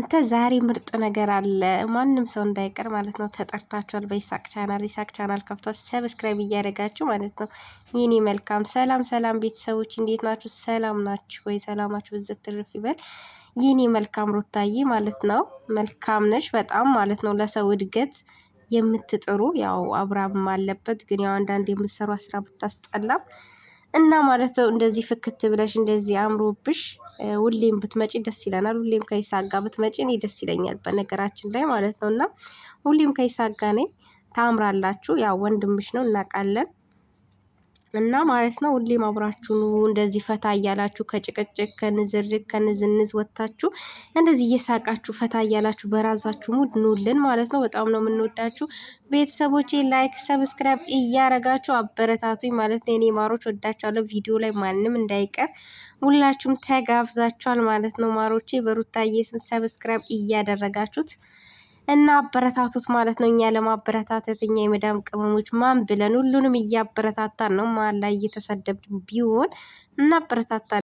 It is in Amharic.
እናንተ ዛሬ ምርጥ ነገር አለ። ማንም ሰው እንዳይቀር ማለት ነው። ተጠርታችኋል በኢሳቅ ቻናል። ኢሳቅ ቻናል ከፍቷል። ሰብስክራይብ እያደረጋችሁ ማለት ነው። ይህኔ መልካም ሰላም ሰላም ቤተሰቦች እንዴት ናችሁ? ሰላም ናችሁ ወይ? ሰላማችሁ ብዘት ትርፍ ይበል። ይህኔ መልካም ሩታዬ ማለት ነው። መልካም ነሽ በጣም ማለት ነው። ለሰው እድገት የምትጥሩ ያው አብራብም አለበት ግን ያው አንዳንድ የምትሰሩ ስራ ብታስጠላም እና ማለት ነው እንደዚህ ፍክት ብለሽ እንደዚህ አምሮብሽ ሁሌም ብትመጪ ደስ ይለናል። ሁሌም ከይሳጋ ብትመጪ እኔ ደስ ይለኛል። በነገራችን ላይ ማለት ነው እና ሁሌም ከይሳጋ ነኝ። ታምራላችሁ። ያው ወንድምሽ ነው እናውቃለን። እና ማለት ነው ሁሌም አብራችሁ ኑ። እንደዚህ ፈታ እያላችሁ ከጭቅጭቅ ከንዝርቅ ከንዝንዝ ወጥታችሁ እንደዚህ እየሳቃችሁ ፈታ እያላችሁ በራሳችሁ ሙድ ኑልን ማለት ነው። በጣም ነው የምንወዳችሁ ቤተሰቦቼ። ላይክ ሰብስክራይብ እያረጋችሁ አበረታቱኝ ማለት ነው። የኔ ማሮች ወዳችኋለሁ። ቪዲዮ ላይ ማንም እንዳይቀር ሁላችሁም ተጋብዛችኋል ማለት ነው። ማሮቼ በሩታዬ ስም ሰብስክራይብ እያደረጋችሁት እና አበረታቱት ማለት ነው። እኛ ለማበረታታት እኛ የመዳም ቅመሞች ማን ብለን ሁሉንም እያበረታታን ነው። መሀል ላይ እየተሰደብን ቢሆን እናበረታታለን።